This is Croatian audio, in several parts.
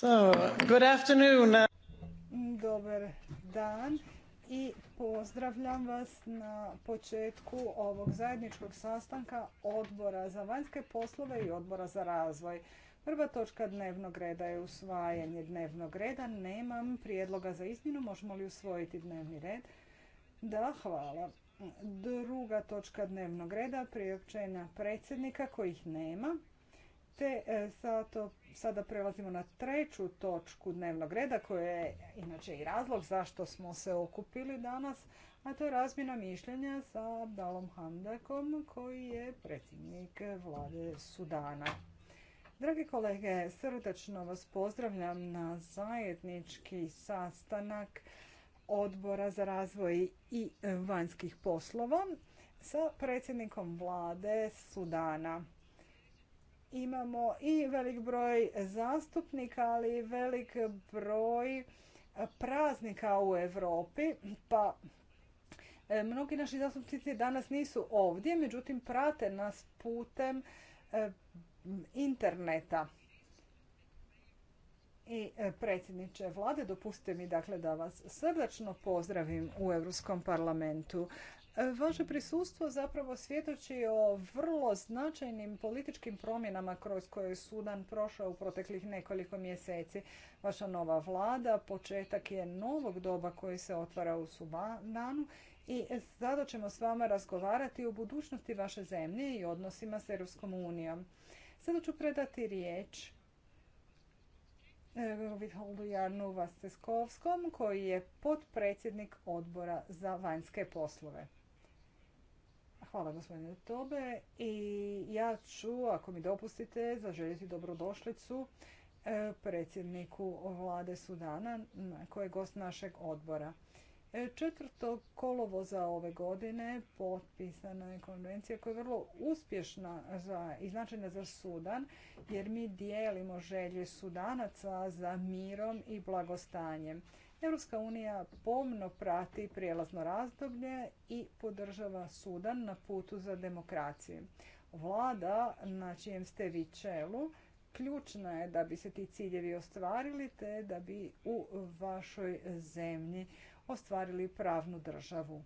So, good afternoon. Dobar dan i pozdravljam vas na početku ovog zajedničkog sastanka odbora za vanjske poslove i odbora za razvoj. Prva točka dnevnog reda je usvajanje dnevnog reda. Nemam prijedloga za izmjenu. Možemo li usvojiti dnevni red? Da, hvala. Druga točka dnevnog reda priopćenja predsjednika kojih nema. Te e, zato Sada prelazimo na treću točku dnevnog reda koja je inače i razlog zašto smo se okupili danas, a to je razmjena mišljenja sa Abdalom Handakom koji je predsjednik vlade Sudana. Dragi kolege, srdečno vas pozdravljam na zajednički sastanak odbora za razvoj i vanjskih poslova sa predsjednikom vlade Sudana imamo i velik broj zastupnika, ali i velik broj praznika u Europi, pa e, mnogi naši zastupnici danas nisu ovdje, međutim prate nas putem e, interneta. I e, predsjedniče vlade, dopustite mi dakle da vas srdačno pozdravim u Europskom parlamentu. Vaše prisustvo zapravo svjedoči o vrlo značajnim političkim promjenama kroz koje je Sudan prošao u proteklih nekoliko mjeseci. Vaša nova vlada početak je novog doba koji se otvara u Sudanu i sada ćemo s vama razgovarati o budućnosti vaše zemlje i odnosima s Europskom unijom. Sada ću predati riječ e, Vitholdu Jarnu Vasteskovskom koji je podpredsjednik odbora za vanjske poslove. Hvala gospodine Tobe i ja ću, ako mi dopustite, zaželjeti dobrodošlicu e, predsjedniku vlade Sudana koji je gost našeg odbora. kolovo e, kolovoza ove godine potpisana je konvencija koja je vrlo uspješna za, i značajna za Sudan jer mi dijelimo želje Sudanaca za mirom i blagostanjem. Europska unija pomno prati prijelazno razdoblje i podržava Sudan na putu za demokraciju. Vlada na čijem ste vi čelu ključna je da bi se ti ciljevi ostvarili te da bi u vašoj zemlji ostvarili pravnu državu.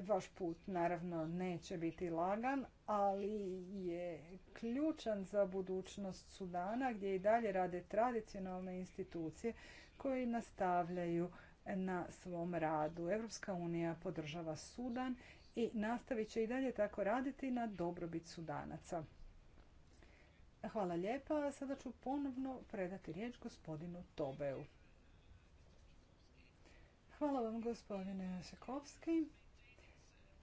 Vaš put naravno neće biti lagan, ali je ključan za budućnost Sudana gdje i dalje rade tradicionalne institucije koji nastavljaju na svom radu. Europska unija podržava Sudan i nastavit će i dalje tako raditi na dobrobit Sudanaca. Hvala lijepa. Sada ću ponovno predati riječ gospodinu Tobeu. Hvala vam gospodine Šekovski.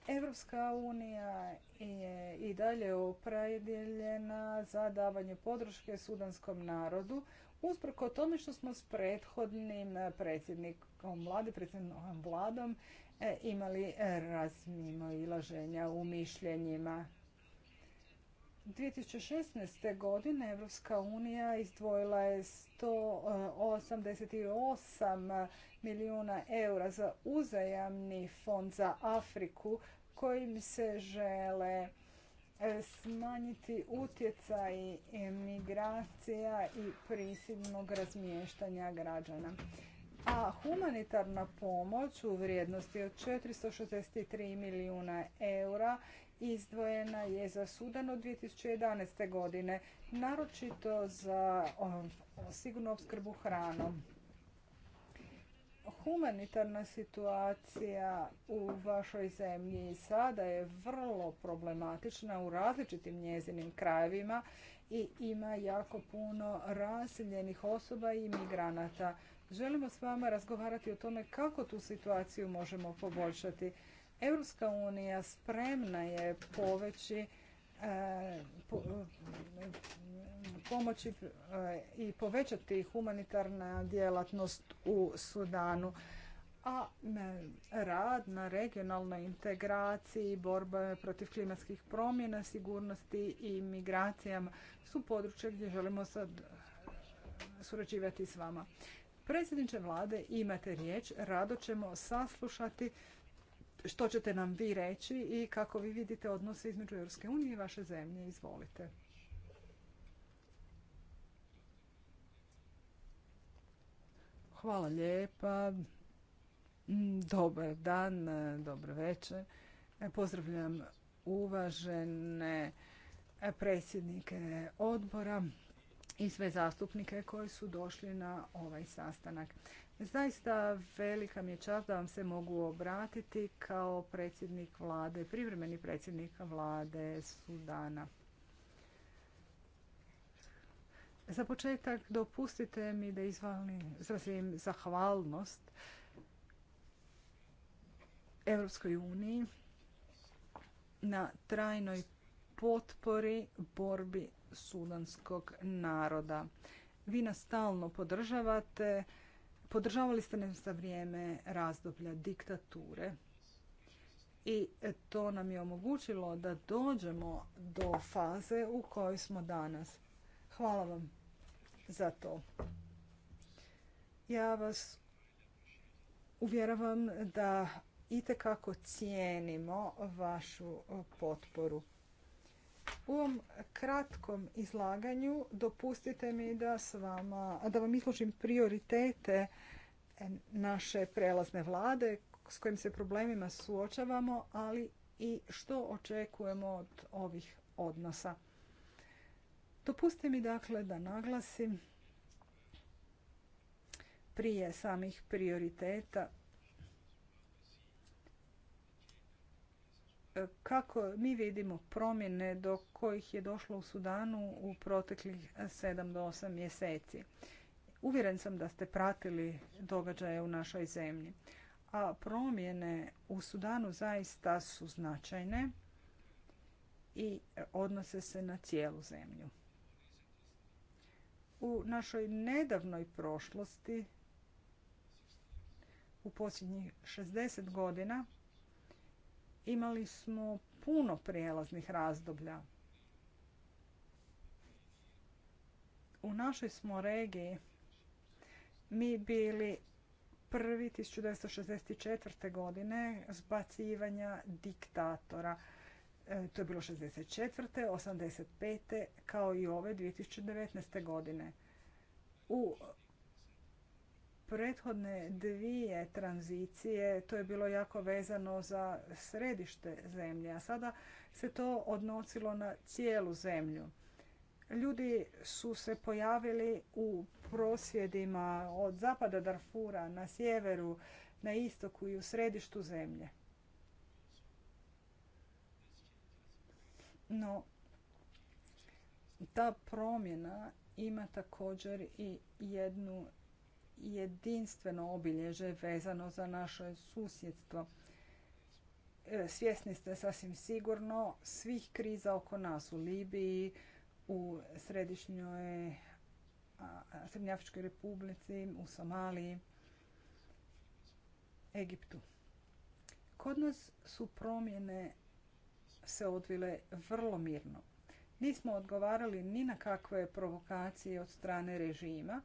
Evropska unija je i dalje opredjeljena za davanje podrške sudanskom narodu usprko tome što smo s prethodnim eh, predsjednikom vlade, predsjednikom eh, vladom eh, imali razmimo ilaženja u mišljenjima. 2016. godine Evropska unija izdvojila je 188 milijuna eura za uzajamni fond za Afriku kojim se žele E, smanjiti utjecaj emigracija i prisilnog razmještanja građana. A humanitarna pomoć u vrijednosti od 463 milijuna eura izdvojena je za Sudan od 2011. godine, naročito za sigurnu opskrbu hranom humanitarna situacija u vašoj zemlji sada je vrlo problematična u različitim njezinim krajevima i ima jako puno raseljenih osoba i imigranata. Želimo s vama razgovarati o tome kako tu situaciju možemo poboljšati. Europska unija spremna je poveći e, pomoći e, i povećati humanitarna djelatnost u Sudanu. A rad na regionalnoj integraciji, borba protiv klimatskih promjena, sigurnosti i migracijama su područja gdje želimo sad e, surađivati s vama. Predsjedniče vlade, imate riječ, rado ćemo saslušati što ćete nam vi reći i kako vi vidite odnose između Europske unije i vaše zemlje. Izvolite. Hvala lijepa. Mm, dobar dan, e, dobro večer. E, pozdravljam uvažene e, predsjednike odbora i sve zastupnike koji su došli na ovaj sastanak. Zaista velika mi je čast da vam se mogu obratiti kao predsjednik vlade, privremeni predsjednik vlade Sudana. Za početak dopustite mi da izrazim zahvalnost Europskoj uniji na trajnoj potpori borbi sudanskog naroda. Vi nas stalno podržavate, podržavali ste nas za vrijeme razdoblja diktature i to nam je omogućilo da dođemo do faze u kojoj smo danas. Hvala vam za to. Ja vas uvjeravam da itekako cijenimo vašu potporu. U ovom kratkom izlaganju dopustite mi da s vama, da vam izložim prioritete naše prelazne vlade s kojim se problemima suočavamo, ali i što očekujemo od ovih odnosa. Dopustite mi dakle da naglasim prije samih prioriteta kako mi vidimo promjene do kojih je došlo u Sudanu u proteklih 7 do 8 mjeseci. Uvjeren sam da ste pratili događaje u našoj zemlji. A promjene u Sudanu zaista su značajne i odnose se na cijelu zemlju u našoj nedavnoj prošlosti, u posljednjih 60 godina, imali smo puno prijelaznih razdoblja. U našoj smo regiji mi bili prvi 1964. godine zbacivanja diktatora. E, to je bilo 64. 85. kao i ove 2019. godine. U prethodne dvije tranzicije to je bilo jako vezano za središte zemlje, a sada se to odnosilo na cijelu zemlju. Ljudi su se pojavili u prosvjedima od zapada Darfura na sjeveru, na istoku i u središtu zemlje. No, ta promjena ima također i jednu jedinstveno obilježje vezano za naše susjedstvo. E, svjesni ste sasvim sigurno svih kriza oko nas u Libiji, u Središnjoj republici, u Somaliji, Egiptu. Kod nas su promjene se odvile vrlo mirno. Nismo odgovarali ni na kakve provokacije od strane režima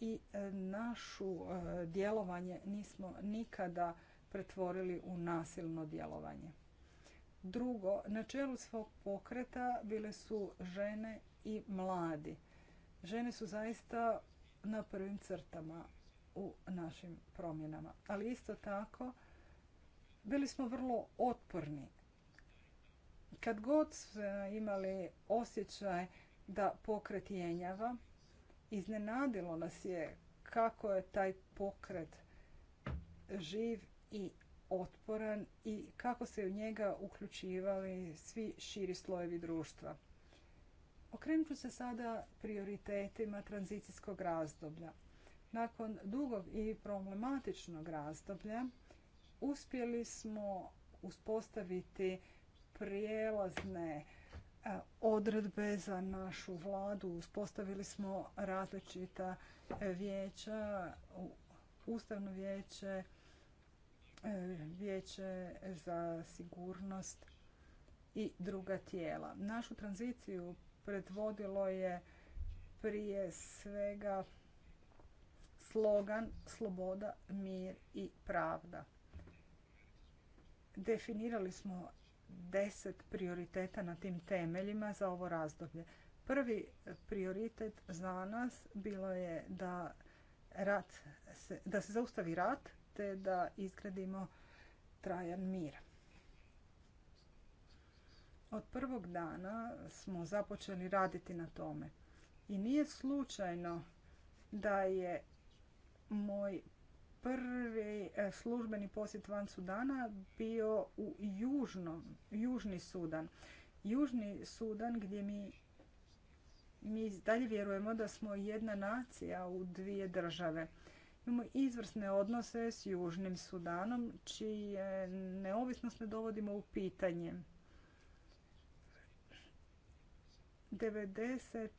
i e, našu e, djelovanje nismo nikada pretvorili u nasilno djelovanje. Drugo, na čelu svog pokreta bile su žene i mladi. Žene su zaista na prvim crtama u našim promjenama. Ali isto tako bili smo vrlo otporni kad god e, imali osjećaj da pokret jenjava, iznenadilo nas je kako je taj pokret živ i otporan i kako se u njega uključivali svi širi slojevi društva. Okrenut ću se sada prioritetima tranzicijskog razdoblja. Nakon dugog i problematičnog razdoblja uspjeli smo uspostaviti prijelazne e, odredbe za našu vladu. Uspostavili smo različita e, vijeća, ustavno vijeće, e, vijeće za sigurnost i druga tijela. Našu tranziciju predvodilo je prije svega slogan sloboda, mir i pravda. Definirali smo deset prioriteta na tim temeljima za ovo razdoblje. Prvi prioritet za nas bilo je da, rat se, da se zaustavi rat te da izgradimo trajan mir. Od prvog dana smo započeli raditi na tome. I nije slučajno da je moj prvi e, službeni posjet van Sudana bio u južno, Južni Sudan. Južni Sudan gdje mi mi dalje vjerujemo da smo jedna nacija u dvije države. Imamo izvrsne odnose s Južnim Sudanom, čije neovisnost ne dovodimo u pitanje. 95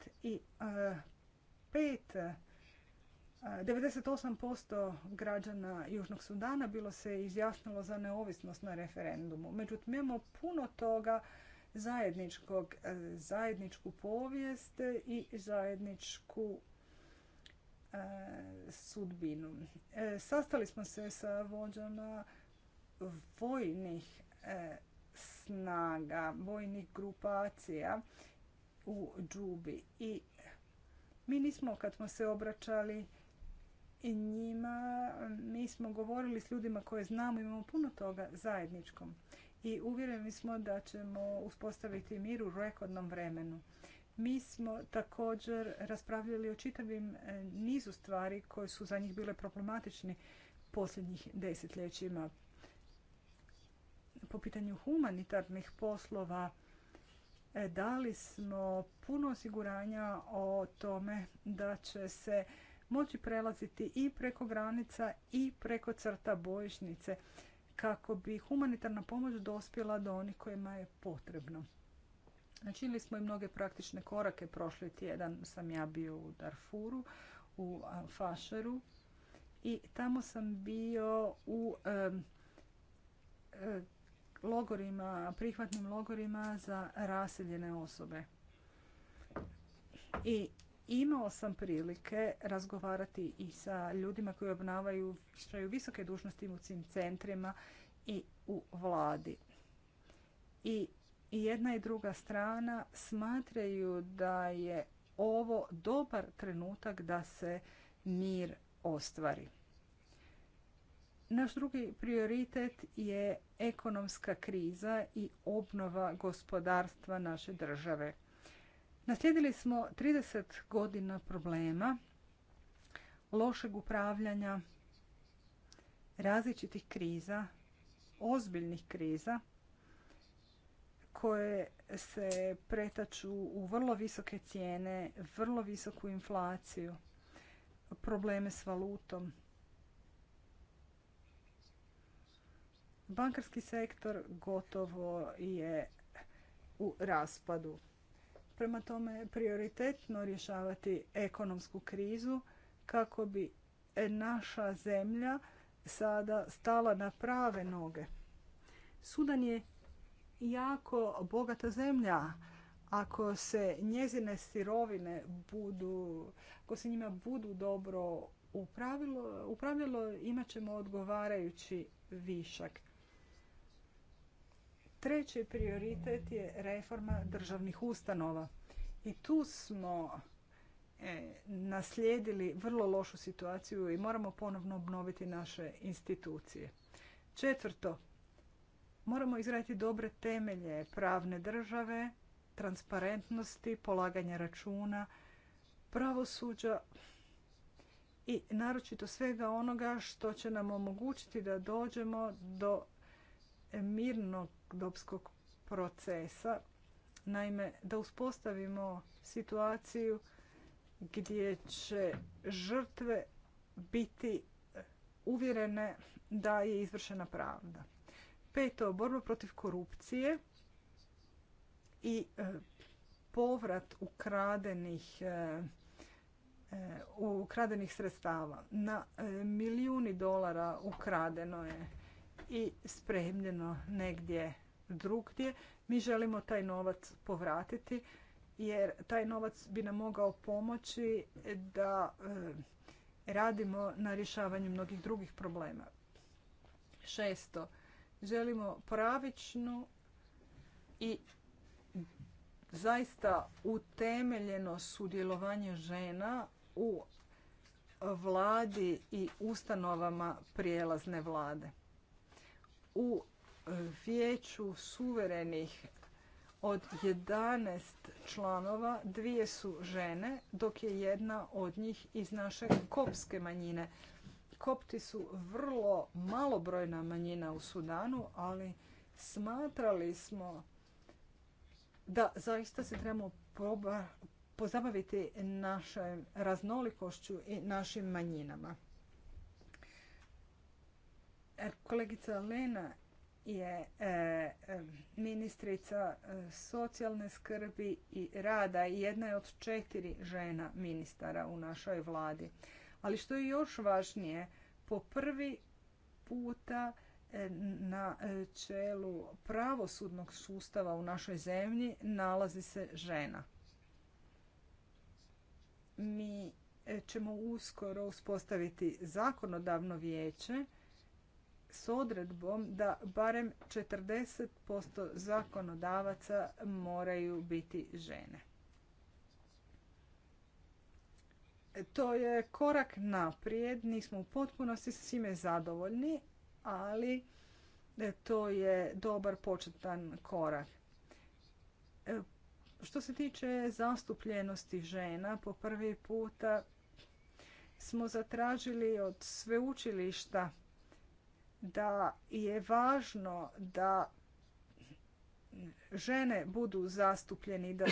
98% građana Južnog Sudana bilo se izjasnilo za neovisnost na referendumu. Međutim, imamo puno toga zajedničkog, e, zajedničku povijest i zajedničku e, sudbinu. E, sastali smo se sa vođama vojnih snaga, vojnih grupacija u Džubi i mi nismo kad smo se obraćali njima mi smo govorili s ljudima koje znamo, imamo puno toga zajedničkom. I uvjereni smo da ćemo uspostaviti mir u rekordnom vremenu. Mi smo također raspravljali o čitavim nizu stvari koje su za njih bile problematični posljednjih desetljećima. Po pitanju humanitarnih poslova e, dali smo puno osiguranja o tome da će se moći prelaziti i preko granica i preko crta bojišnice kako bi humanitarna pomoć dospjela do onih kojima je potrebno. Načinili smo i mnoge praktične korake. Prošli tjedan sam ja bio u Darfuru, u Fašeru i tamo sam bio u e, logorima, prihvatnim logorima za raseljene osobe. I Imao sam prilike razgovarati i sa ljudima koji obnavaju visoke dužnosti u svim centrima i u vladi. I jedna i druga strana smatraju da je ovo dobar trenutak da se mir ostvari. Naš drugi prioritet je ekonomska kriza i obnova gospodarstva naše države. Naslijedili smo 30 godina problema, lošeg upravljanja, različitih kriza, ozbiljnih kriza koje se pretaču u vrlo visoke cijene, vrlo visoku inflaciju, probleme s valutom. Bankarski sektor gotovo je u raspadu. Prema tome, prioritetno rješavati ekonomsku krizu kako bi naša zemlja sada stala na prave noge. Sudan je jako bogata zemlja. Ako se njezine sirovine budu, ako se njima budu dobro upravilo, upravljalo, imat ćemo odgovarajući višak. Treći prioritet je reforma državnih ustanova. I tu smo e, naslijedili vrlo lošu situaciju i moramo ponovno obnoviti naše institucije. Četvrto, moramo izraditi dobre temelje pravne države, transparentnosti, polaganja računa, pravosuđa i naročito svega onoga što će nam omogućiti da dođemo do mirnog dobskog procesa. Naime, da uspostavimo situaciju gdje će žrtve biti uvjerene da je izvršena pravda. Peto, borba protiv korupcije i e, povrat ukradenih e, e, ukradenih sredstava. Na milijuni dolara ukradeno je i spremljeno negdje drugdje. Mi želimo taj novac povratiti jer taj novac bi nam mogao pomoći da e, radimo na rješavanju mnogih drugih problema. Šesto, želimo pravičnu i zaista utemeljeno sudjelovanje žena u vladi i ustanovama prijelazne vlade u e, vijeću suverenih od 11 članova dvije su žene, dok je jedna od njih iz naše kopske manjine. Kopti su vrlo malobrojna manjina u Sudanu, ali smatrali smo da zaista se trebamo pozabaviti našom raznolikošću i našim manjinama. E, kolegica Lena je e, e, ministrica socijalne skrbi i rada i jedna je od četiri žena ministara u našoj vladi. Ali što je još važnije, po prvi puta na čelu pravosudnog sustava u našoj zemlji nalazi se žena. Mi ćemo uskoro uspostaviti zakonodavno vijeće s odredbom da barem 40% zakonodavaca moraju biti žene. To je korak naprijed, nismo u potpunosti svime zadovoljni, ali to je dobar početan korak. Što se tiče zastupljenosti žena, po prvi puta smo zatražili od sveučilišta da je važno da žene budu zastupljeni, da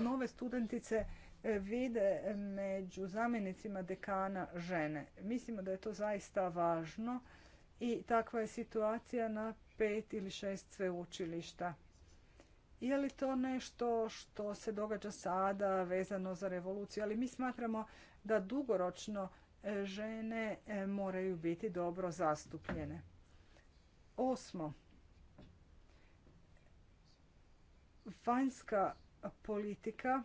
nove studentice eh, vide među zamjenicima dekana žene. Mislimo da je to zaista važno i takva je situacija na pet ili šest sveučilišta. Je li to nešto što se događa sada vezano za revoluciju? Ali mi smatramo da dugoročno eh, žene eh, moraju biti dobro zastupljene. Osmo, vanjska politika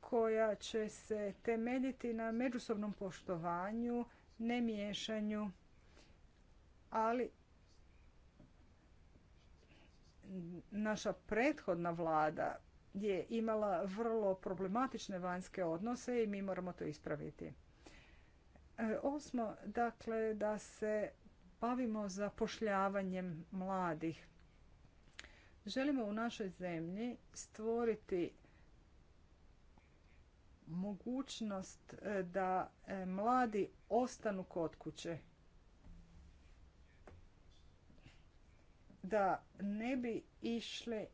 koja će se temeljiti na međusobnom poštovanju, nemiješanju, ali naša prethodna vlada je imala vrlo problematične vanjske odnose i mi moramo to ispraviti. E, osmo, dakle, da se bavimo zapošljavanjem mladih. Želimo u našoj zemlji stvoriti mogućnost e, da e, mladi ostanu kod kuće. Da ne bi išli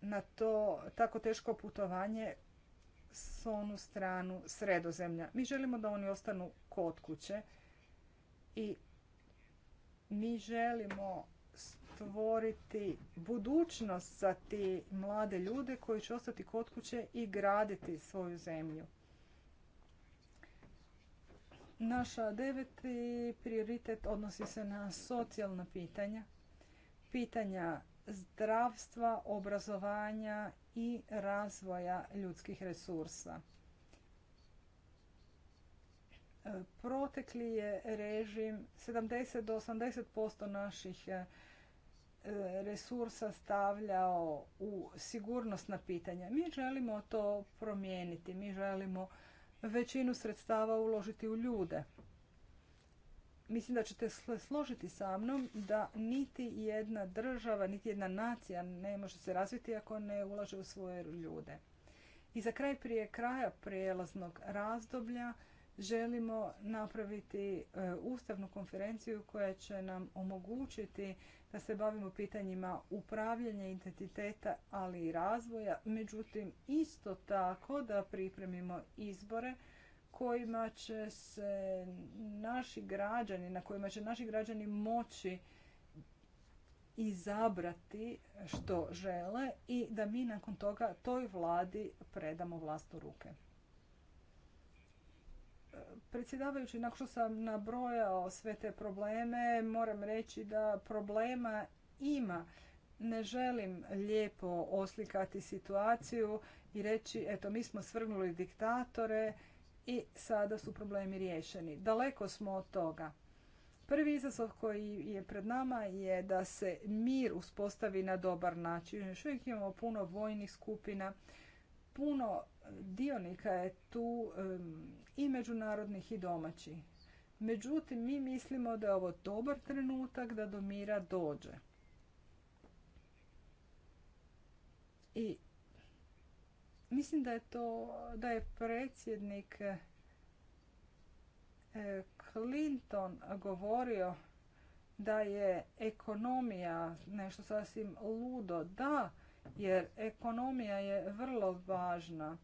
na to tako teško putovanje s onu stranu sredozemlja. Mi želimo da oni ostanu kod kuće i mi želimo stvoriti budućnost za te mlade ljude koji će ostati kod kuće i graditi svoju zemlju. Naša deveti prioritet odnosi se na socijalna pitanja, pitanja zdravstva, obrazovanja i razvoja ljudskih resursa. Protekli je režim 70 do 80% naših e, resursa stavljao u sigurnosna pitanja. Mi želimo to promijeniti, mi želimo većinu sredstava uložiti u ljude. Mislim da ćete složiti sa mnom da niti jedna država, niti jedna nacija ne može se razviti ako ne ulaže u svoje ljude. I za kraj prije kraja prijelaznog razdoblja želimo napraviti e, ustavnu konferenciju koja će nam omogućiti da se bavimo pitanjima upravljanja identiteta, ali i razvoja. Međutim, isto tako da pripremimo izbore kojima će se naši građani, na kojima će naši građani moći izabrati što žele i da mi nakon toga toj vladi predamo vlast u ruke. Predsjedavajući, nakon što sam nabrojao sve te probleme, moram reći da problema ima. Ne želim lijepo oslikati situaciju i reći, eto, mi smo svrgnuli diktatore i sada su problemi riješeni. Daleko smo od toga. Prvi izazov koji je pred nama je da se mir uspostavi na dobar način. Još uvijek imamo puno vojnih skupina, Puno dionika je tu i međunarodnih i domaćih. Međutim, mi mislimo da je ovo dobar trenutak da do mira dođe. I mislim da je to, da je predsjednik eh, Clinton govorio da je ekonomija nešto sasvim ludo. Da, jer ekonomija je vrlo važna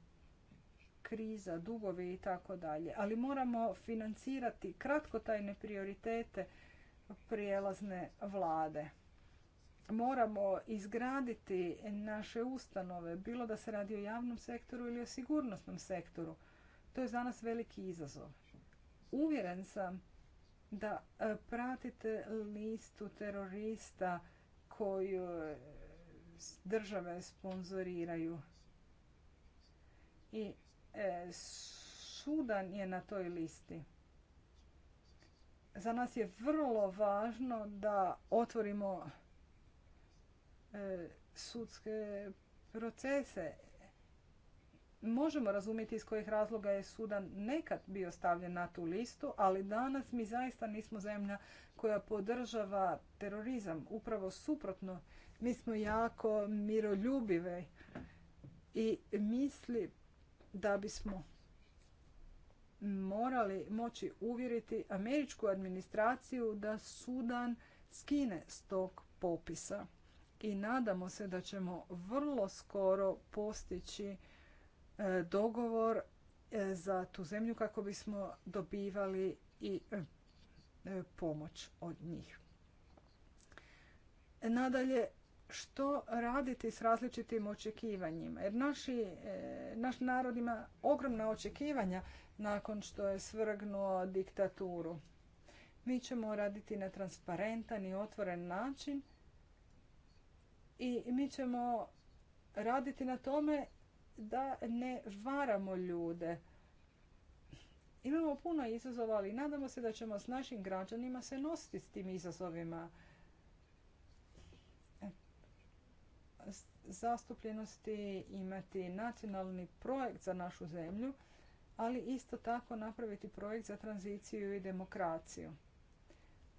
kriza, dugovi i tako dalje. Ali moramo financirati kratkotajne prioritete prijelazne vlade. Moramo izgraditi naše ustanove, bilo da se radi o javnom sektoru ili o sigurnosnom sektoru. To je za nas veliki izazov. Uvjeren sam da e, pratite listu terorista koju države sponzoriraju. I e, Sudan je na toj listi. Za nas je vrlo važno da otvorimo e, sudske procese. Možemo razumjeti iz kojih razloga je Sudan nekad bio stavljen na tu listu, ali danas mi zaista nismo zemlja koja podržava terorizam. Upravo suprotno, mi smo jako miroljubive i misli da bismo morali moći uvjeriti američku administraciju da Sudan skine s tog popisa. I nadamo se da ćemo vrlo skoro postići e, dogovor e, za tu zemlju kako bismo dobivali i e, pomoć od njih. Nadalje, što raditi s različitim očekivanjima. Jer naši, e, naš narod ima ogromna očekivanja nakon što je svrgnuo diktaturu. Mi ćemo raditi na transparentan i otvoren način i mi ćemo raditi na tome da ne varamo ljude. Imamo puno izazova, ali nadamo se da ćemo s našim građanima se nositi s tim izazovima zastupljenosti, imati nacionalni projekt za našu zemlju, ali isto tako napraviti projekt za tranziciju i demokraciju.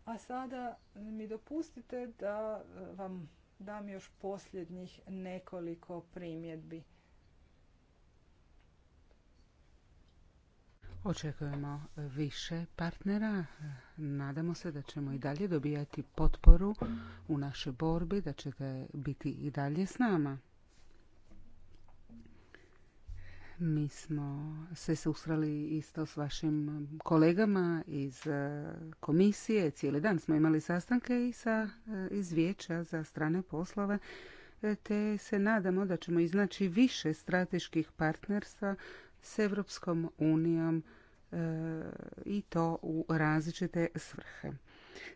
A sada mi dopustite da vam dam još posljednjih nekoliko primjedbi. Očekujemo više partnera. Nadamo se da ćemo i dalje dobijati potporu u našoj borbi, da ćete biti i dalje s nama. Mi smo se susreli isto s vašim kolegama iz e, komisije. Cijeli dan smo imali sastanke i sa e, iz za strane poslove e, te se nadamo da ćemo iznaći više strateških partnerstva s Europskom unijom e, i to u različite svrhe.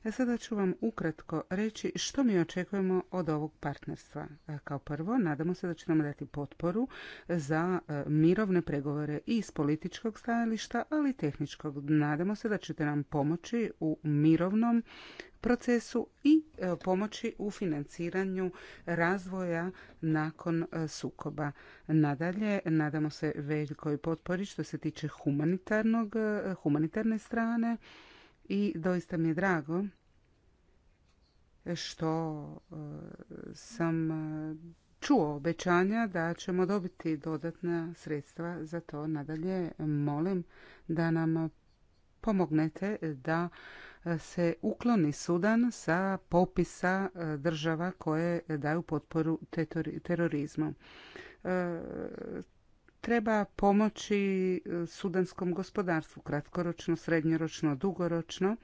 E sada ću vam ukratko reći što mi očekujemo od ovog partnerstva. E, kao prvo, nadamo se da će nam dati potporu za e, mirovne pregovore i iz političkog stajališta, ali i tehničkog. Nadamo se da ćete nam pomoći u mirovnom procesu i pomoći u financiranju razvoja nakon sukoba. Nadalje, nadamo se velikoj potpori što se tiče humanitarnog, humanitarne strane i doista mi je drago što e, sam e, čuo obećanja da ćemo dobiti dodatna sredstva za to. Nadalje, molim da nam pomognete da e, se ukloni Sudan sa popisa država koje daju potporu terorizmu treba pomoći e, sudanskom gospodarstvu kratkoročno, srednjoročno, dugoročno.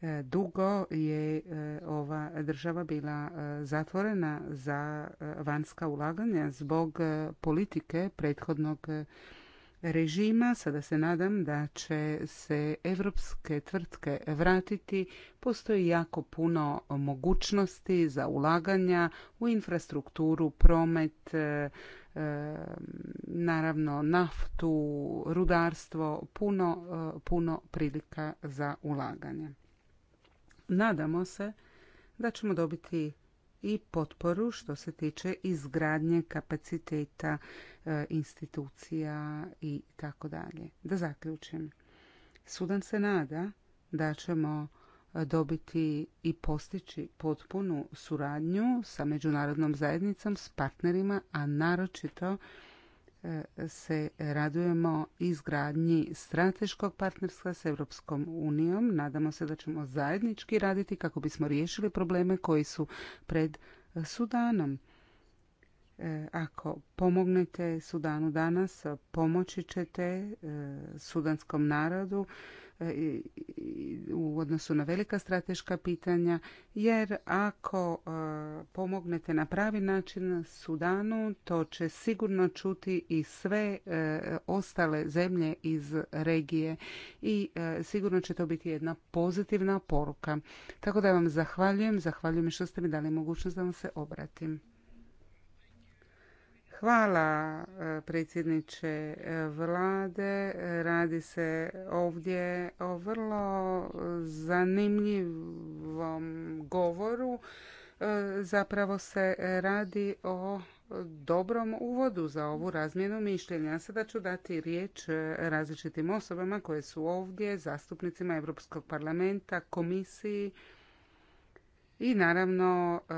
E, dugo je e, ova država bila zatvorena za vanjska ulaganja zbog politike prethodnog režima. Sada se nadam da će se evropske tvrtke vratiti. Postoji jako puno mogućnosti za ulaganja u infrastrukturu, promet, naravno naftu, rudarstvo, puno, e, puno prilika za ulaganje. Nadamo se da ćemo dobiti i potporu što se tiče izgradnje kapaciteta e, institucija i tako dalje. Da zaključim. Sudan se nada da ćemo dobiti i postići potpunu suradnju sa međunarodnom zajednicom, s partnerima, a naročito e, se radujemo izgradnji strateškog partnerstva s Europskom unijom. Nadamo se da ćemo zajednički raditi kako bismo riješili probleme koji su pred Sudanom. E, ako pomognete Sudanu danas, pomoći ćete e, sudanskom narodu E, u odnosu na velika strateška pitanja jer ako e, pomognete na pravi način Sudanu to će sigurno čuti i sve e, ostale zemlje iz regije i sigurno će to biti jedna pozitivna poruka. Tako da vam zahvaljujem, zahvaljujem što ste mi dali mogućnost da vam se obratim. Hvala e, predsjedniče e, vlade. Radi se ovdje o vrlo zanimljivom govoru. E, zapravo se radi o dobrom uvodu za ovu razmjenu mišljenja. Sada ću dati riječ različitim osobama koje su ovdje, zastupnicima Europskog parlamenta, komisiji, i naravno e,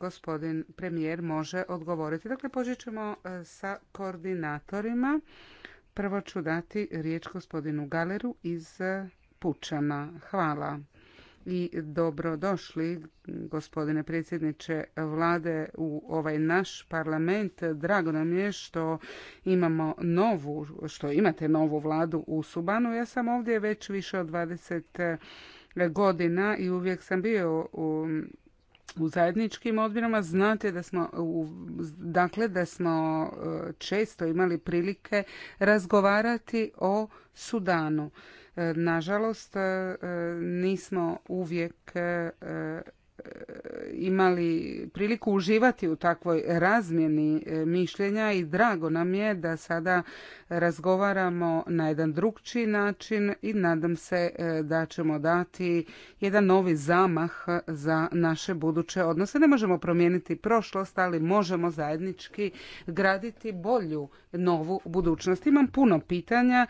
gospodin premijer može odgovoriti. Dakle, počet ćemo e, sa koordinatorima. Prvo ću dati riječ gospodinu Galeru iz e, Pučana. Hvala i dobrodošli gospodine predsjedniče vlade u ovaj naš parlament. Drago nam je što imamo novu, što imate novu vladu u Subanu. Ja sam ovdje već više od 20 godina i uvijek sam bio u zajedničkim odbirama znate da smo dakle da smo e, često imali prilike razgovarati o Sudanu. E, nažalost e, nismo uvijek imali priliku uživati u takvoj razmjeni e, mišljenja i drago nam je da sada razgovaramo na jedan drugčiji način i nadam se e, da ćemo dati jedan novi zamah za naše buduće odnose. Ne možemo promijeniti prošlost, ali možemo zajednički graditi bolju novu budućnost. Imam puno pitanja,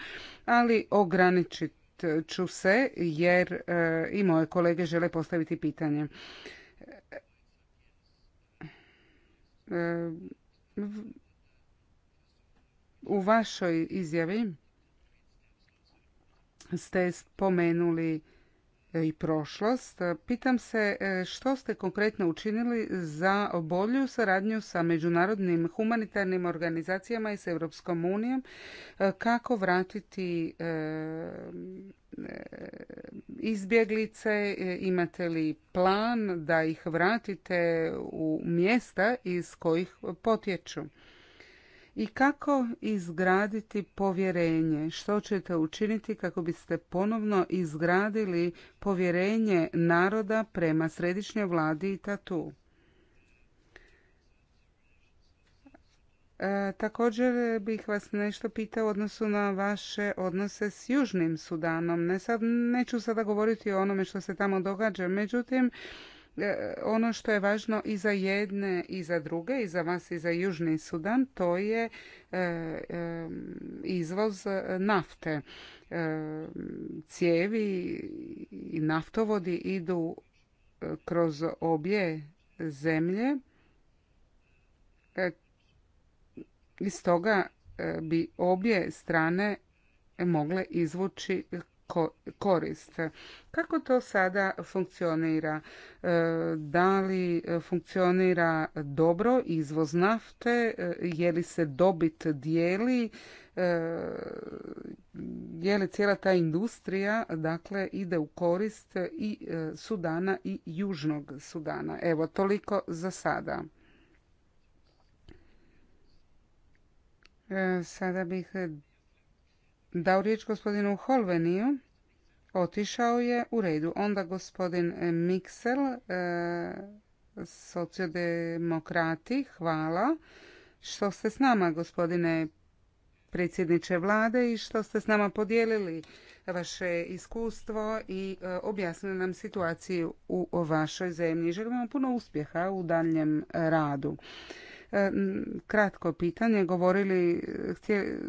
ali ograničit ću se jer e, i moje kolege žele postaviti pitanje. E, u vašoj izjavi ste spomenuli E, i prošlost. E, pitam se e, što ste konkretno učinili za bolju saradnju sa međunarodnim humanitarnim organizacijama i s Europskom unijom, kako vratiti izbjeglice, imate li plan da ih vratite u mjesta iz kojih potječu? i kako izgraditi povjerenje? Što ćete učiniti kako biste ponovno izgradili povjerenje naroda prema središnjoj vladi i tatu? E, također bih vas nešto pitao u odnosu na vaše odnose s Južnim Sudanom. Ne sad, neću sada govoriti o onome što se tamo događa, međutim, E, ono što je važno i za jedne i za druge, i za vas i za Južni Sudan, to je e, e, izvoz nafte. Cijevi i naftovodi idu kroz obje zemlje. Iz toga bi obje strane mogle izvući korist. Kako to sada funkcionira? E, da li funkcionira dobro izvoz nafte? E, je li se dobit dijeli? E, je li cijela ta industrija dakle, ide u korist i Sudana i Južnog Sudana? Evo, toliko za sada. Sada bih dao riječ gospodinu Holveniju. Otišao je u redu. Onda gospodin Miksel, e, sociodemokrati, hvala što ste s nama gospodine predsjedniče vlade i što ste s nama podijelili vaše iskustvo i e, objasnili nam situaciju u vašoj zemlji. Želimo puno uspjeha u daljem radu. E, kratko pitanje, govorili,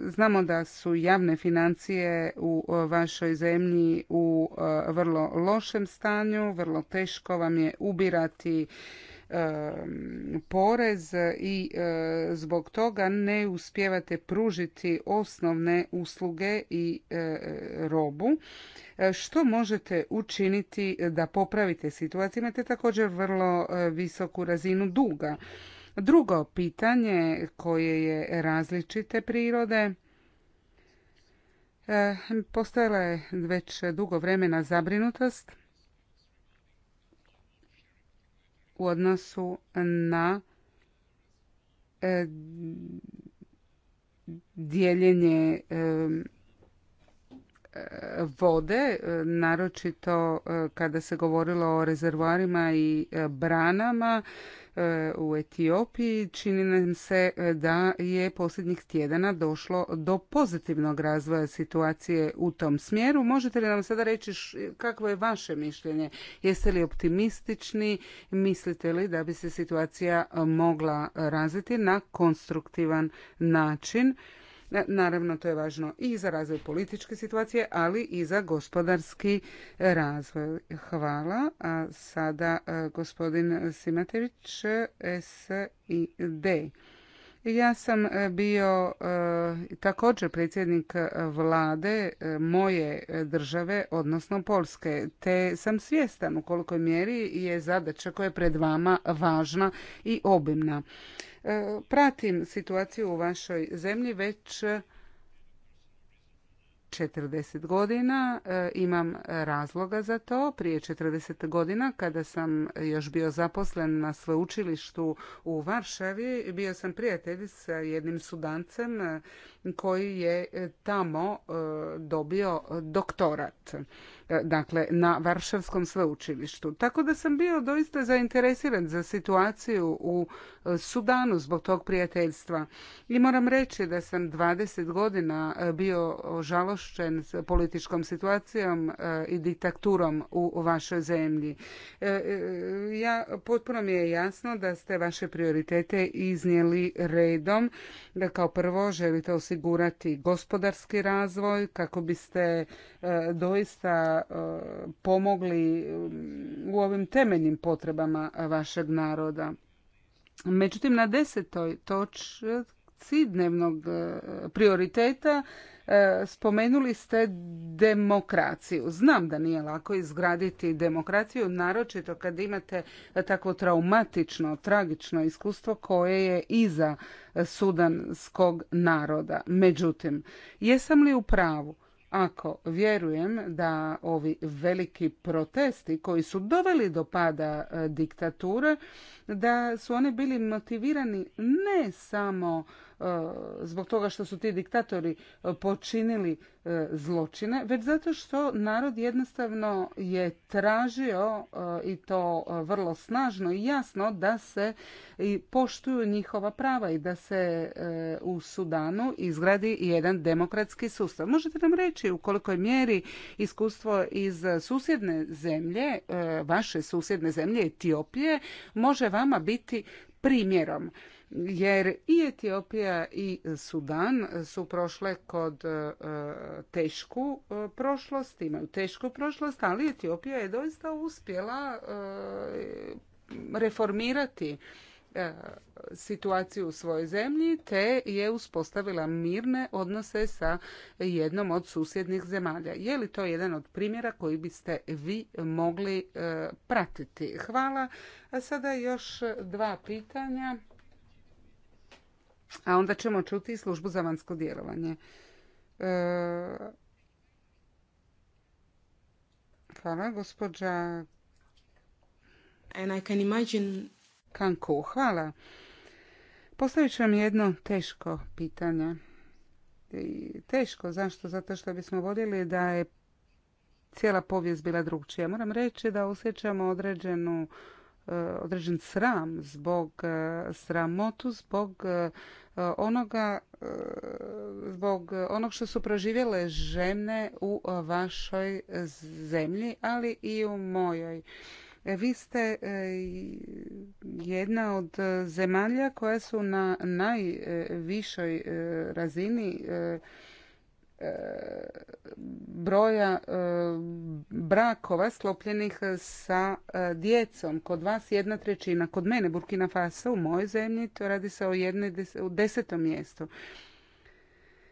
znamo da su javne financije u e, vašoj zemlji u e, vrlo lošem stanju, vrlo teško vam je ubirati porez i zbog toga ne uspijevate pružiti osnovne usluge i robu. Što možete učiniti da popravite situaciju? Imate također vrlo visoku razinu duga Drugo pitanje koje je različite prirode. E, postojala je već dugo vremena zabrinutost u odnosu na e, dijeljenje e, vode, naročito kada se govorilo o rezervoarima i branama E, u Etiopiji čini nam se e, da je posljednjih tjedana došlo do pozitivnog razvoja situacije u tom smjeru. Možete li nam sada reći kakvo je vaše mišljenje? Jeste li optimistični? Mislite li da bi se situacija mogla razviti na konstruktivan način? Naravno, to je važno i za razvoj političke situacije, ali i za gospodarski razvoj. Hvala. A sada e, gospodin Simatević, SID. i ja sam e, bio e, također predsjednik e, vlade moje države, odnosno Polske, te sam svjestan u kolikoj mjeri je zadaća koja je pred vama važna i obimna. Pratim situaciju u vašoj zemlji već 40 godina. E, imam razloga za to. Prije 40 godina, kada sam još bio zaposlen na sveučilištu u Varšavi, bio sam prijatelj sa jednim sudancem e, koji je e, tamo dobio doktorat. E, dakle na Varšavskom sveučilištu. Tako da sam bio doista zainteresiran za situaciju u e, Sudanu zbog tog prijateljstva. I moram reći da sam 20 godina e, bio žalošćen s političkom situacijom i diktaturom u vašoj zemlji. Ja, potpuno mi je jasno da ste vaše prioritete iznijeli redom. Da kao prvo želite osigurati gospodarski razvoj kako biste doista E, pomogli mm, u ovim temeljnim potrebama vašeg naroda. Međutim, na desetoj točci dnevnog e, prioriteta e, spomenuli ste demokraciju. Znam da nije lako izgraditi demokraciju, naročito kad imate tako traumatično, tragično iskustvo koje je iza sudanskog naroda. Međutim, jesam li u pravu ako vjerujem da ovi veliki protesti koji su doveli do pada e, diktature, da su oni bili motivirani ne samo zbog toga što su ti diktatori e, počinili e, zločine, već zato što narod jednostavno je tražio e, i to vrlo snažno i jasno da se poštuju njihova prava i da se u Sudanu izgradi jedan demokratski sustav. Možete nam reći u kolikoj mjeri iskustvo iz susjedne zemlje, vaše susjedne zemlje Etiopije, može vama biti primjerom jer i Etiopija i Sudan su prošle kod e, tešku e, prošlost, imaju tešku prošlost, ali Etiopija je doista uspjela e, reformirati situaciju u svojoj zemlji te je uspostavila mirne odnose sa jednom od susjednih zemalja. Je li to jedan od primjera koji biste vi mogli pratiti? Hvala. A sada još dva pitanja a onda ćemo čuti službu za vanjsko djelovanje. E, hvala, gospođa And I can imagine... Kanko, hvala. Postavit ću vam jedno teško pitanje. Teško, zašto? Zato što bismo voljeli da je cijela povijest bila drugčija. Moram reći da osjećamo određenu E, određen sram zbog e, sramotu, zbog e, onoga zbog onog što su proživjele žene u vašoj zemlji, ali i u mojoj. Vi ste jedna od zemalja koja su na najvišoj razini broja e, brakova sklopljenih sa e, djecom. Kod vas jedna trećina, kod mene Burkina Faso u mojoj zemlji to radi se o desetom mjestu.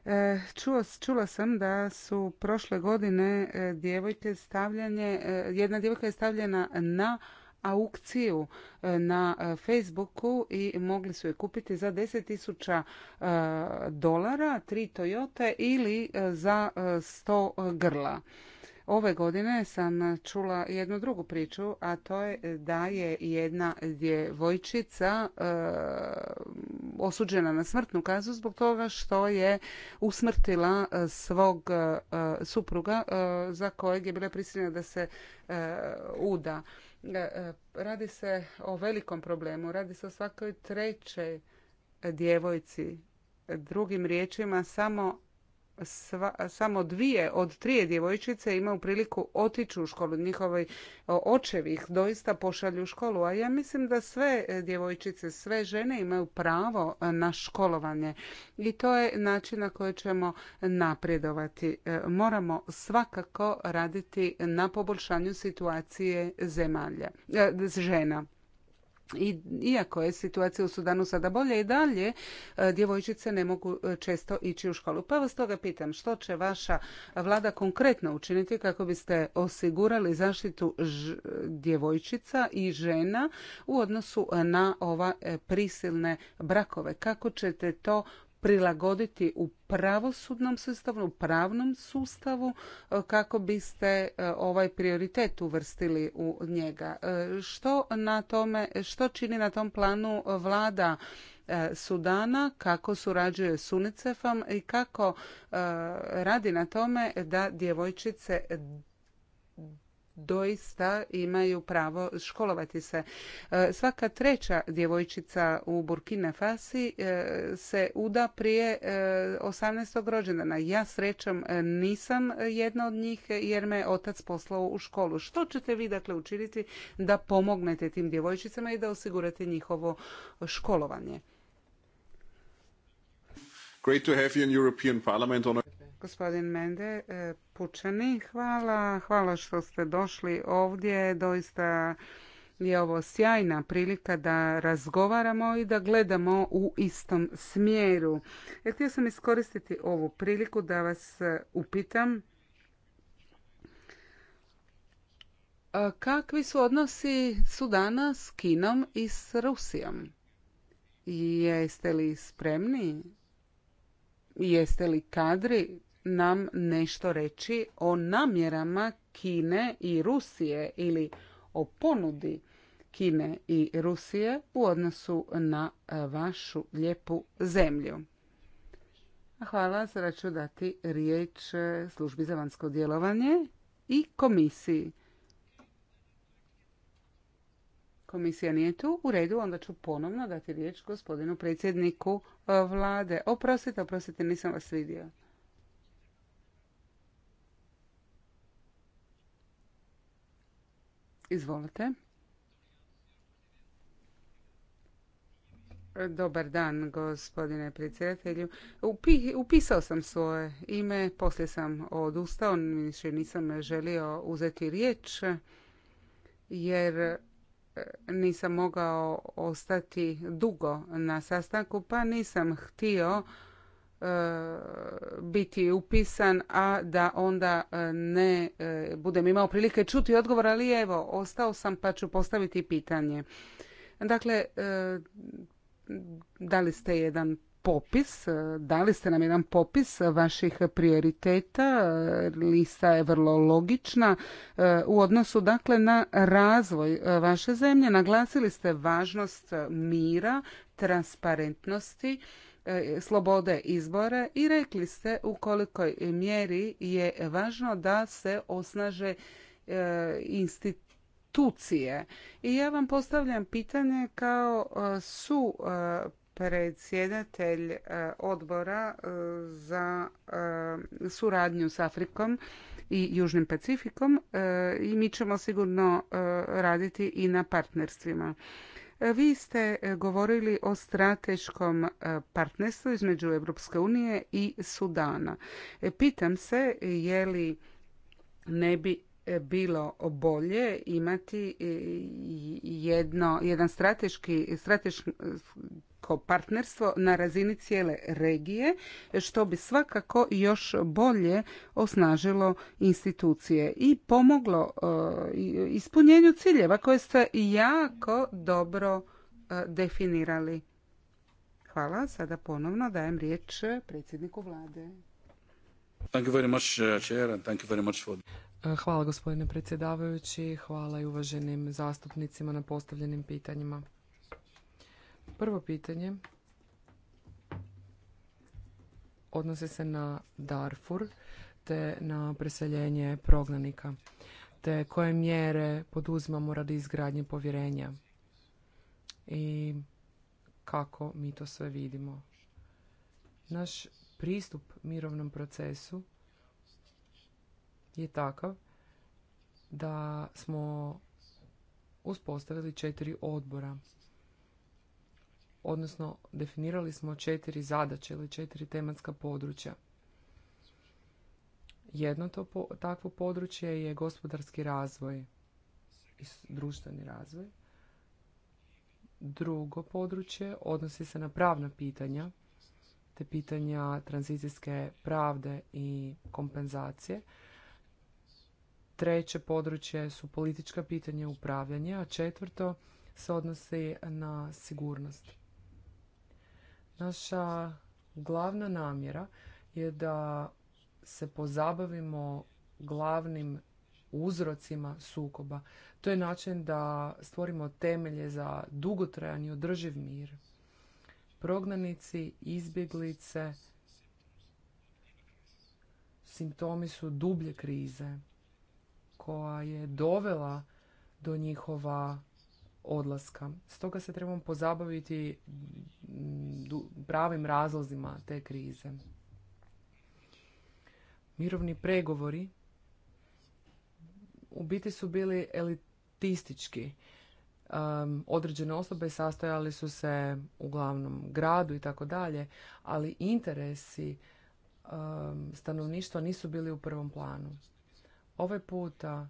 E, čula, sam da su prošle godine djevojke stavljanje, jedna djevojka je stavljena na aukciju e, na e, Facebooku i mogli su je kupiti za 10.000 e, dolara, tri Toyota ili za 100 grla. Ove godine sam čula jednu drugu priču, a to je da je jedna djevojčica e, osuđena na smrtnu kazu zbog toga što je usmrtila svog supruga za kojeg je bila prisiljena da se uda. E, radi se o velikom problemu, radi se o svakoj trećoj djevojci. Drugim riječima, samo sva, samo dvije od trije djevojčice imaju priliku otići u školu. Njihovi očevi ih doista pošalju u školu. A ja mislim da sve e, djevojčice, sve žene imaju pravo na školovanje. I to je način na koji ćemo napredovati. E, moramo svakako raditi na poboljšanju situacije zemalja, e, žena. I, iako je situacija u Sudanu sada bolje i dalje, e, djevojčice ne mogu e, često ići u školu. Pa vas toga pitam, što će vaša vlada konkretno učiniti kako biste osigurali zaštitu djevojčica i žena u odnosu e, na ova prisilne brakove? Kako ćete to prilagoditi u pravosudnom sustavu, u pravnom sustavu e, kako biste e, ovaj prioritet uvrstili u njega. E, što, na tome, što čini na tom planu vlada Sudana, kako surađuje s UNICEF-om i kako radi na tome da djevojčice doista imaju pravo školovati se. E, svaka treća djevojčica u Burkina Fasi e, se uda prije 18. E, rođendana. Ja srećom nisam jedna od njih jer me otac poslao u školu. Što ćete vi dakle učiniti da pomognete tim djevojčicama i da osigurate njihovo školovanje? Gospodin Mende, e, Pučani, hvala, hvala što ste došli ovdje. Doista je ovo sjajna prilika da razgovaramo i da gledamo u istom smjeru. Ja e, htio sam iskoristiti ovu priliku da vas e, upitam kakvi su odnosi Sudana s Kinom i s Rusijom? Jeste li spremni? Jeste li kadri nam nešto reći o namjerama Kine i Rusije ili o ponudi Kine i Rusije u odnosu na e, vašu lijepu zemlju. Hvala, sada ću dati riječ e, službi za vanjsko djelovanje i komisiji. Komisija nije tu. U redu, onda ću ponovno dati riječ gospodinu predsjedniku e, vlade. Oprostite, oprostite, nisam vas vidio. Izvolite. Dobar dan, gospodine predsjedatelju. Upisao sam svoje ime, poslije sam odustao, više nisam želio uzeti riječ jer e, nisam mogao ostati dugo na sastanku, pa nisam htio E, biti upisan, a da onda e, ne e, budem imao prilike čuti odgovor, ali evo, ostao sam pa ću postaviti pitanje. Dakle, dali ste jedan popis, dali ste nam jedan popis vaših prioriteta, lista je vrlo logična u odnosu dakle na razvoj vaše zemlje. Naglasili ste važnost mira, transparentnosti, E, slobode izbora i rekli ste u kolikoj mjeri je važno da se osnaže e, institucije. I ja vam postavljam pitanje kao e, su predsjedatelj odbora za suradnju s Afrikom i Južnim Pacifikom i mi ćemo sigurno raditi i na partnerstvima. Vi ste e, govorili o strateškom e, partnerstvu između Europske unije i Sudana. E, pitam se je li ne bi bilo bolje imati e, jedno, jedan strateški, strateško partnerstvo na razini cijele regije, što bi svakako još bolje osnažilo institucije i pomoglo e, ispunjenju ciljeva koje ste jako dobro e, definirali. Hvala. Sada ponovno dajem riječ predsjedniku vlade. Thank uh, thank you very much for... Hvala gospodine predsjedavajući, hvala i uvaženim zastupnicima na postavljenim pitanjima. Prvo pitanje odnosi se na Darfur te na preseljenje prognanika te koje mjere poduzimamo radi izgradnje povjerenja i kako mi to sve vidimo. Naš pristup mirovnom procesu je takav da smo uspostavili četiri odbora. Odnosno, definirali smo četiri zadaće ili četiri tematska područja. Jedno to takvo područje je gospodarski razvoj i društveni razvoj. Drugo područje odnosi se na pravna pitanja, te pitanja tranzicijske pravde i kompenzacije treće područje su politička pitanja upravljanja, upravljanje, a četvrto se odnosi na sigurnost. Naša glavna namjera je da se pozabavimo glavnim uzrocima sukoba. To je način da stvorimo temelje za dugotrajan i održiv mir. Prognanici, izbjeglice, simptomi su dublje krize koja je dovela do njihova odlaska. Stoga se trebamo pozabaviti mm, pravim razlozima te krize. Mirovni pregovori u biti su bili elitistički. Um, određene osobe sastojali su se uglavnom gradu i tako dalje, ali interesi stanovništva nisu bili u prvom planu. Ovaj puta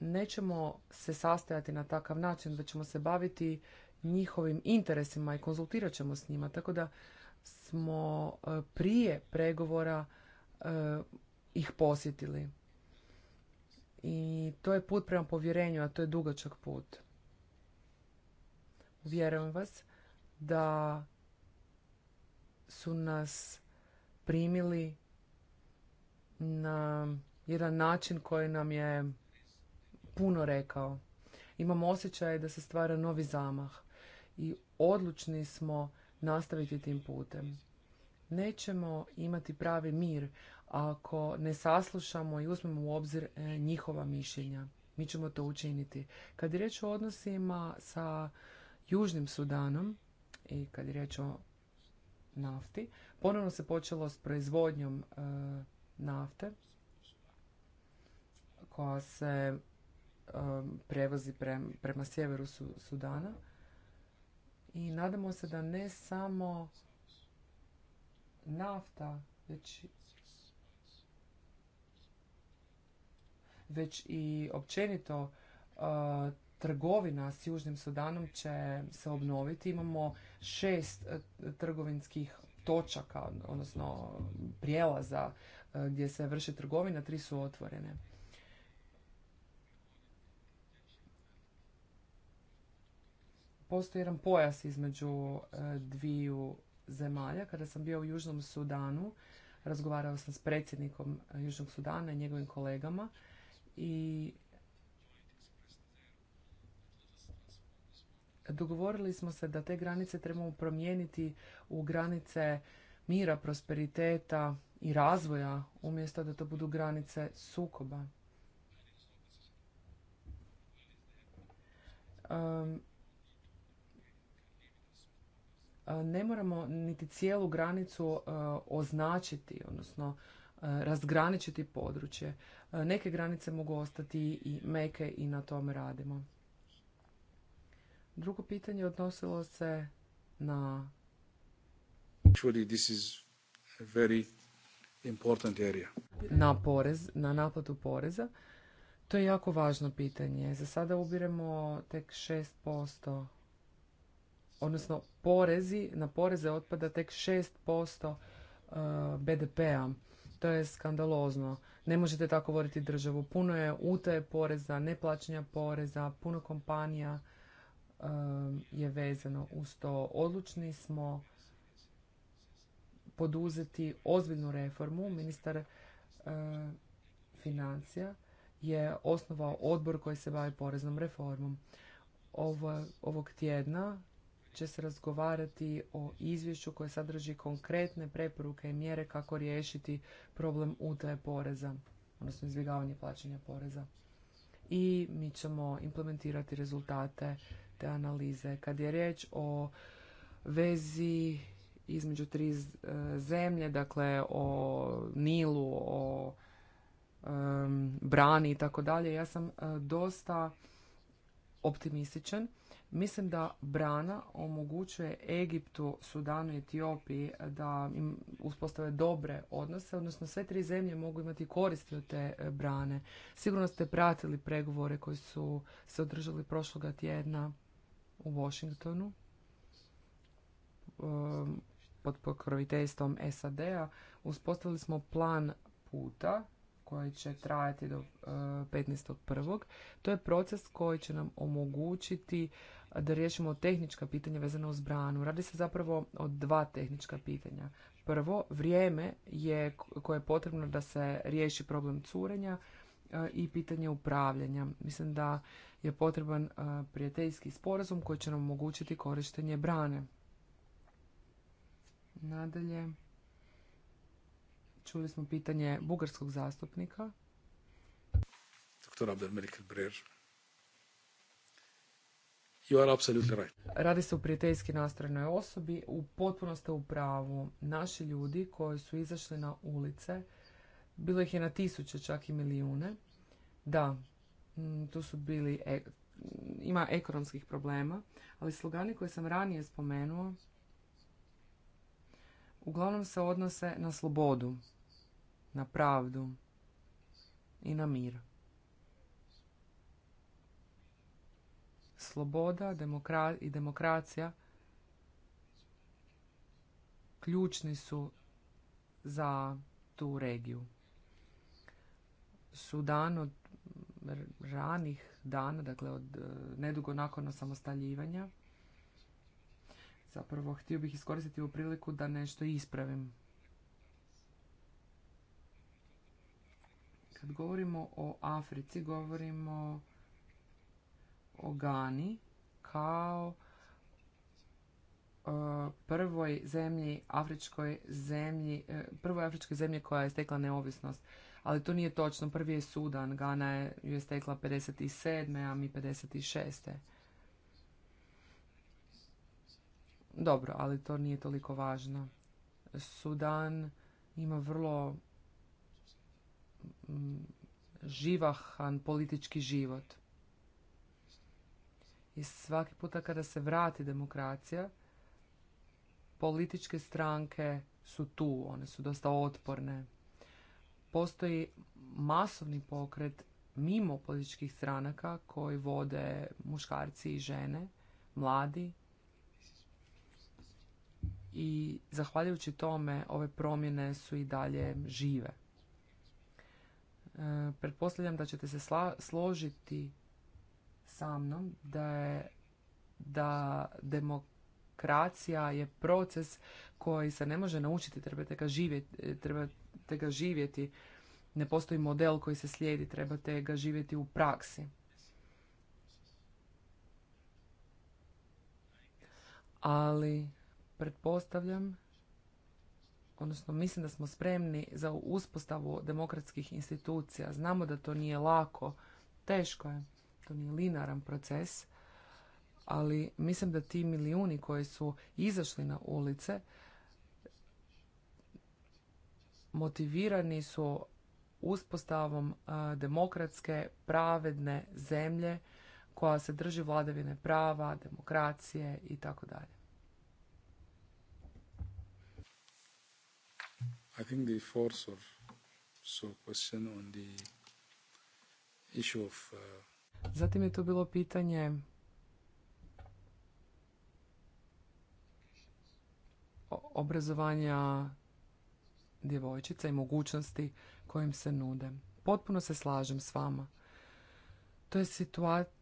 nećemo se sastajati na takav način da ćemo se baviti njihovim interesima i konzultirat ćemo s njima. Tako da smo e, prije pregovora e, ih posjetili. I to je put prema povjerenju, a to je dugačak put. Vjerujem vas da su nas primili na jedan način koji nam je puno rekao. Imamo osjećaj da se stvara novi zamah i odlučni smo nastaviti tim putem. Nećemo imati pravi mir ako ne saslušamo i uzmemo u obzir e, njihova mišljenja. Mi ćemo to učiniti. Kad je riječ o odnosima sa Južnim Sudanom i kad je riječ o nafti, ponovno se počelo s proizvodnjom e, nafte koja se um, prevozi prema sjeveru Sudana i nadamo se da ne samo nafta, već već i općenito uh, trgovina s Južnim Sudanom će se obnoviti. Imamo šest uh, trgovinskih točaka, odnosno prijelaza Eh, gdje se vrši trgovina, tri su otvorene. Postoji jedan pojas između eh, dviju zemalja. Kada sam bio u Južnom Sudanu, razgovarao sam s predsjednikom eh, Južnog Sudana i njegovim kolegama i dogovorili smo se da te granice trebamo promijeniti u granice mira, prosperiteta, i razvoja umjesto da to budu granice sukoba. ne moramo niti cijelu granicu e, označiti, odnosno e, razgraničiti područje. E, neke granice mogu ostati i meke i na tome radimo. Drugo pitanje odnosilo se na... Actually, this is a very na porez, na naplatu poreza. To je jako važno pitanje. Za sada ubiremo tek 6%. Odnosno, porezi, na poreze otpada tek 6% eh, BDP-a. To je skandalozno. Ne možete tako voditi državu. Puno je utaje poreza, neplaćanja poreza, puno kompanija eh, je vezano uz to. Odlučni smo poduzeti ozbiljnu reformu. Ministar e, financija je osnovao odbor koji se bavi poreznom reformom. Ovo, ovog tjedna će se razgovarati o izvješću koje sadrži konkretne preporuke i mjere kako riješiti problem utaje poreza, odnosno izbjegavanje plaćanja poreza. I mi ćemo implementirati rezultate te analize. Kad je riječ o vezi između tri eh, zemlje, dakle o Nilu, o um, brani i tako dalje. Ja sam eh, dosta optimističan. Mislim da brana omogućuje Egiptu, Sudanu i Etiopiji eh, da im uspostave dobre odnose, odnosno sve tri zemlje mogu imati koristi od te brane. Sigurno ste pratili pregovore koji su se održali prošloga tjedna u Washingtonu pod pokroviteljstvom SAD-a uspostavili smo plan puta koji će trajati do 15.1. E, to je proces koji će nam omogućiti da riješimo tehnička pitanja vezana uz branu. Radi se zapravo o dva tehnička pitanja. Prvo, vrijeme je koje je potrebno da se riješi problem curenja e, i pitanje upravljanja. Mislim da je potreban e, prijateljski sporazum koji će nam omogućiti korištenje brane. Nadalje, čuli smo pitanje bugarskog zastupnika. Radi se o prijateljski nastrojenoj osobi, u potpuno ste u pravu. Naši ljudi koji su izašli na ulice, bilo ih je na tisuće, čak i milijune. Da, mm, tu su bili, e, ima ekonomskih problema, ali slogani koje sam ranije spomenuo uglavnom se odnose na slobodu, na pravdu i na mir. Sloboda i demokracija ključni su za tu regiju. Sudan od ranih dana, dakle od e, nedugo nakon osamostaljivanja, Zapravo, htio bih iskoristiti ovu priliku da nešto ispravim. Kad govorimo o Africi, govorimo o Gani kao e, prvoj zemlji, afričkoj zemlji, e, prvoj afričkoj zemlji koja je stekla neovisnost. Ali to nije točno. Prvi je Sudan. Gana je, ju je stekla 57. a mi 56. Dobro, ali to nije toliko važno. Sudan ima vrlo mm, živahan politički život. I svaki puta kada se vrati demokracija, političke stranke su tu, one su dosta otporne. Postoji masovni pokret mimo političkih stranaka koji vode muškarci i žene, mladi, i zahvaljujući tome ove promjene su i dalje žive. E, pretpostavljam da ćete se složiti sa mnom da je da demokracija je proces koji se ne može naučiti, trebate ga živjeti, e, trebate ga živjeti. Ne postoji model koji se slijedi, trebate ga živjeti u praksi. Ali pretpostavljam, odnosno mislim da smo spremni za uspostavu demokratskih institucija. Znamo da to nije lako, teško je, to nije linaran proces, ali mislim da ti milijuni koji su izašli na ulice motivirani su uspostavom e, demokratske, pravedne zemlje koja se drži vladavine prava, demokracije i tako dalje. I think the so question on the issue of... Uh, Zatim je to bilo pitanje obrazovanja djevojčica i mogućnosti kojim se nude. Potpuno se slažem s vama. To je situacija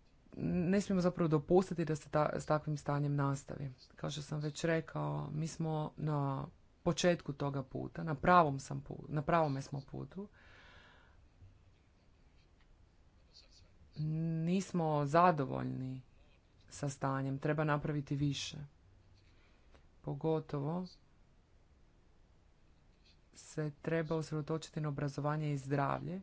ne smijemo zapravo dopustiti da se ta, s takvim stanjem nastavi. Kao što sam već rekao, mi smo na početku toga puta, na pravom sam na pravome smo putu. Nismo zadovoljni sa stanjem, treba napraviti više. Pogotovo se treba usredotočiti na obrazovanje i zdravlje,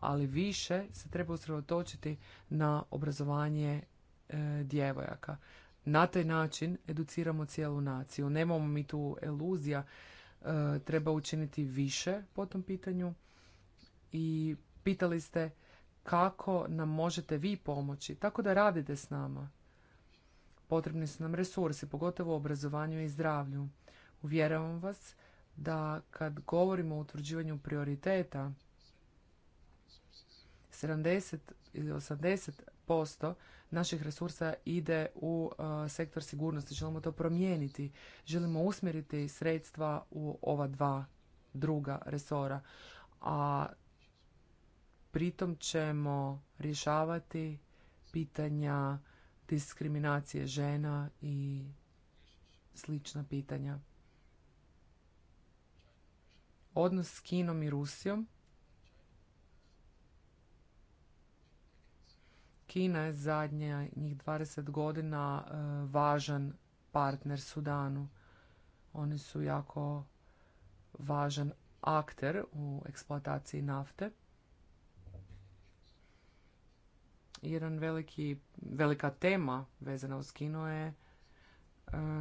ali više se treba usredotočiti na obrazovanje e, djevojaka na taj način educiramo cijelu naciju. Nemamo mi tu eluzija, e, treba učiniti više po tom pitanju. I pitali ste kako nam možete vi pomoći, tako da radite s nama. Potrebni su nam resursi, pogotovo u obrazovanju i zdravlju. Uvjeravam vas da kad govorimo o utvrđivanju prioriteta, 70 ili 80 posto naših resursa ide u uh, sektor sigurnosti. Želimo to promijeniti. Želimo usmjeriti sredstva u ova dva druga resora. A pritom ćemo rješavati pitanja diskriminacije žena i slična pitanja. Odnos s Kinom i Rusijom Kina je zadnja njih 20 godina e, važan partner Sudanu. Oni su jako važan akter u eksploataciji nafte. Jedan veliki, velika tema vezana uz Kino je e,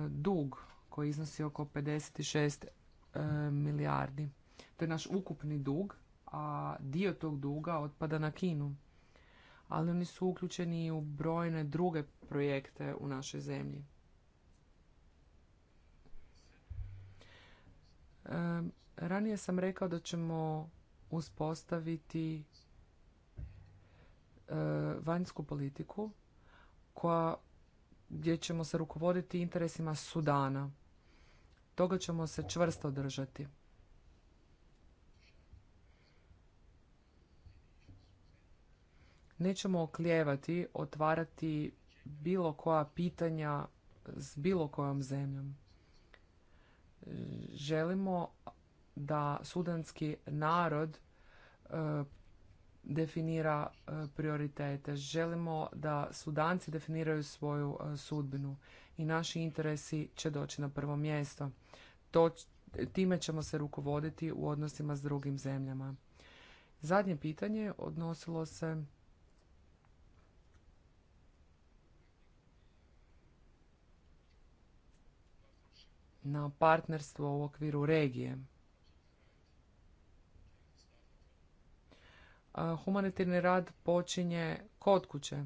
dug koji iznosi oko 56 e, milijardi. To je naš ukupni dug, a dio tog duga otpada na Kinu ali oni su uključeni i u brojne druge projekte u našoj zemlji. Ranije sam rekao da ćemo uspostaviti e, vanjsku politiku koja gdje ćemo se rukovoditi interesima Sudana. Toga ćemo se čvrsto držati. Nećemo oklijevati, otvarati bilo koja pitanja s bilo kojom zemljom. Želimo da sudanski narod e, definira e, prioritete. Želimo da sudanci definiraju svoju e, sudbinu i naši interesi će doći na prvo mjesto. To, time ćemo se rukovoditi u odnosima s drugim zemljama. Zadnje pitanje odnosilo se na partnerstvo u okviru regije. Humanitarni rad počinje kod kuće.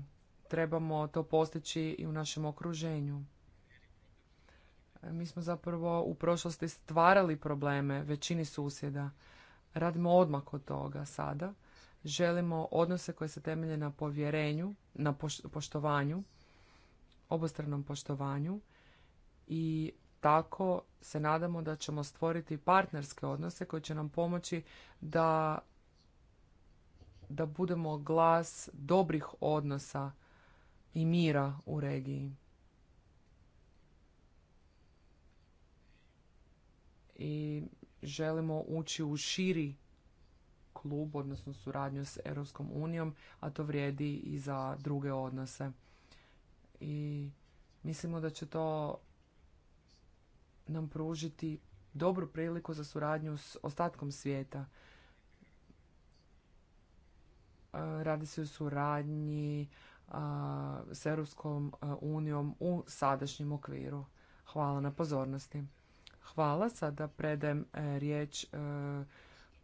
Trebamo to postići i u našem okruženju. Mi smo zapravo u prošlosti stvarali probleme većini susjeda. Radimo odmah od toga sada. Želimo odnose koje se temelje na povjerenju, na poštovanju, obostranom poštovanju i tako se nadamo da ćemo stvoriti partnerske odnose koji će nam pomoći da, da budemo glas dobrih odnosa i mira u regiji. I želimo ući u širi klub, odnosno suradnju s Europskom unijom, a to vrijedi i za druge odnose. I mislimo da će to nam pružiti dobru priliku za suradnju s ostatkom svijeta. E, radi se o suradnji e, s Europskom e, unijom u sadašnjem okviru. Hvala na pozornosti. Hvala. Sada predem riječ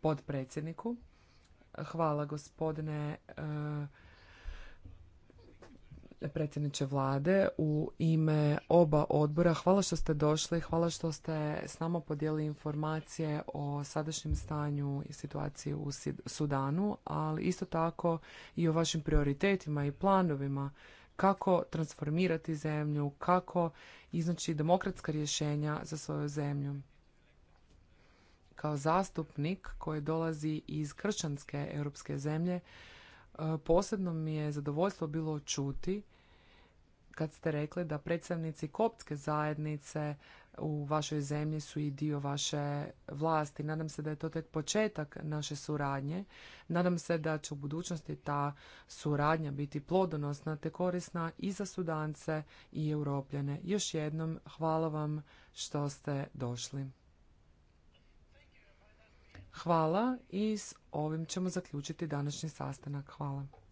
podpredsjedniku. Hvala gospodine predsjedniče vlade, u ime oba odbora. Hvala što ste došli, hvala što ste s nama podijelili informacije o sadašnjem stanju i situaciji u Sudanu, ali isto tako i o vašim prioritetima i planovima kako transformirati zemlju, kako iznaći demokratska rješenja za svoju zemlju. Kao zastupnik koji dolazi iz kršćanske europske zemlje, e, posebno mi je zadovoljstvo bilo čuti kad ste rekli da predstavnici koptske zajednice u vašoj zemlji su i dio vaše vlasti. Nadam se da je to tek početak naše suradnje. Nadam se da će u budućnosti ta suradnja biti plodonosna te korisna i za Sudance i Europljane. Još jednom hvala vam što ste došli. Hvala i s ovim ćemo zaključiti današnji sastanak. Hvala.